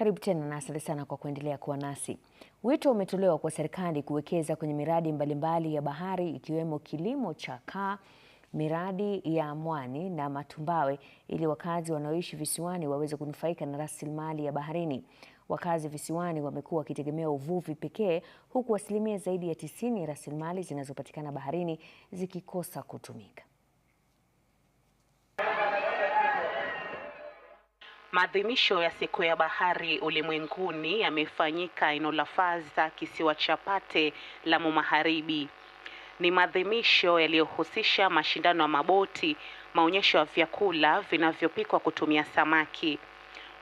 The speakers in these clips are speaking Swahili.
Karibu tena na asante sana kwa kuendelea kuwa nasi. Wito umetolewa kwa serikali kuwekeza kwenye miradi mbalimbali mbali ya bahari ikiwemo kilimo cha kaa, miradi ya mwani na matumbawe ili wakazi wanaoishi visiwani waweze kunufaika na rasilimali ya baharini. Wakazi visiwani wamekuwa wakitegemea uvuvi pekee huku asilimia zaidi ya tisini ya rasilimali zinazopatikana baharini zikikosa kutumika. Maadhimisho ya siku ya bahari ulimwenguni yamefanyika eneo la Faza, kisiwa cha Pate, Lamu Magharibi. Ni maadhimisho yaliyohusisha mashindano ya maboti, maonyesho ya vyakula vinavyopikwa kutumia samaki.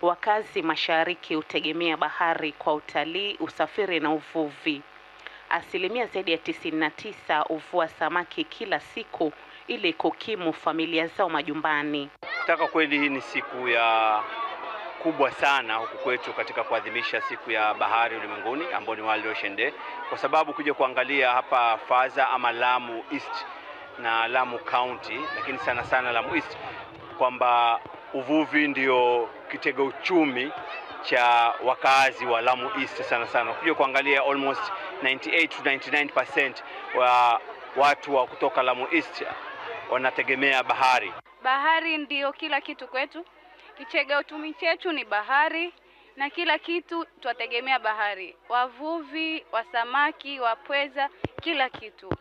Wakazi mashariki hutegemea bahari kwa utalii, usafiri na uvuvi. Asilimia zaidi ya tisini na tisa huvua samaki kila siku ili kukimu familia zao majumbani. Taka kweli hii ni siku ya kubwa sana huku kwetu katika kuadhimisha siku ya bahari ulimwenguni ambayo ni World Ocean Day, kwa sababu kuja kuangalia hapa Faza ama Lamu East na Lamu County, lakini sana sana Lamu East, kwamba uvuvi ndio kitega uchumi cha wakazi wa Lamu East sana sana. Kuja kuangalia almost 98 to 99% wa watu wa kutoka Lamu East wanategemea bahari. Bahari ndio kila kitu kwetu. Kichega utumi chetu ni bahari na kila kitu twategemea bahari, wavuvi, wasamaki, wapweza, kila kitu.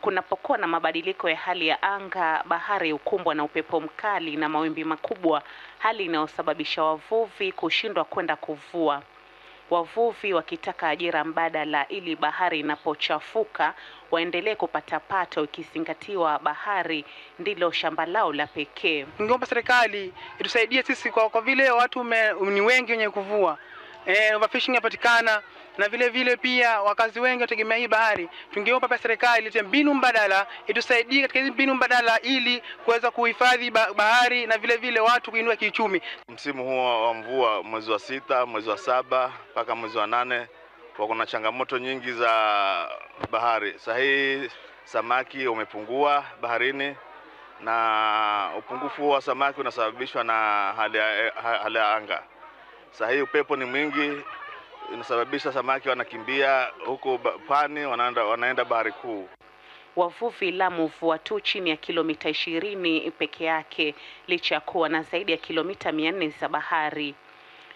Kunapokuwa na mabadiliko ya hali ya anga, bahari hukumbwa na upepo mkali na mawimbi makubwa, hali inayosababisha wavuvi kushindwa kwenda kuvua wavuvi wakitaka ajira mbadala ili bahari inapochafuka waendelee kupata pato, ikizingatiwa bahari ndilo shamba lao la pekee. Ningeomba serikali itusaidie sisi kwa, kwa vile watu ni wengi wenye kuvua eh, overfishing yapatikana na vile vile pia wakazi wengi wategemea hii bahari. Tungeomba pia serikali ilete mbinu mbadala, itusaidie katika hizi mbinu mbadala ili kuweza kuhifadhi bahari na vile vile watu kuinua kiuchumi. Msimu huo wa mvua, mwezi wa sita, mwezi wa saba mpaka mwezi wa nane, wako na changamoto nyingi za bahari. Sasa hii samaki umepungua baharini, na upungufu wa samaki unasababishwa na hali ya eh, anga. Saa hii upepo ni mwingi, inasababisha samaki wanakimbia huko pwani, wanaenda, wanaenda bahari kuu. Wavuvi Lamu huvua tu chini ya kilomita ishirini peke yake licha ya kuwa na zaidi ya kilomita mia nne za bahari.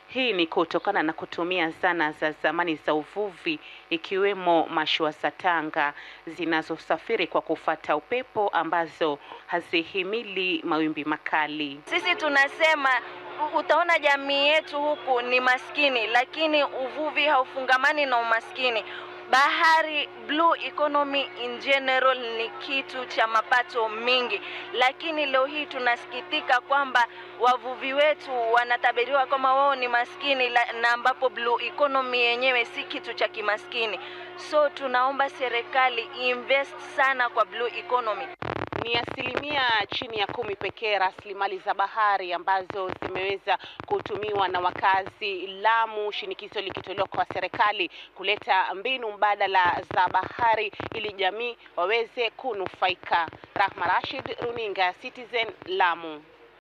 Hii ni kutokana na kutumia zana za zamani za uvuvi ikiwemo mashua za tanga zinazosafiri kwa kufata upepo ambazo hazihimili mawimbi makali. Sisi tunasema utaona jamii yetu huku ni maskini, lakini uvuvi haufungamani na umaskini. Bahari, blue economy in general ni kitu cha mapato mingi, lakini leo hii tunasikitika kwamba wavuvi wetu wanatabiriwa kama wao ni maskini na ambapo blue economy yenyewe si kitu cha kimaskini. So tunaomba serikali invest sana kwa blue economy ni asilimia chini ya kumi pekee rasilimali za bahari ambazo zimeweza kutumiwa na wakazi Lamu, shinikizo likitolewa kwa serikali kuleta mbinu mbadala za bahari ili jamii waweze kunufaika. Rahma Rashid, Runinga Citizen, Lamu.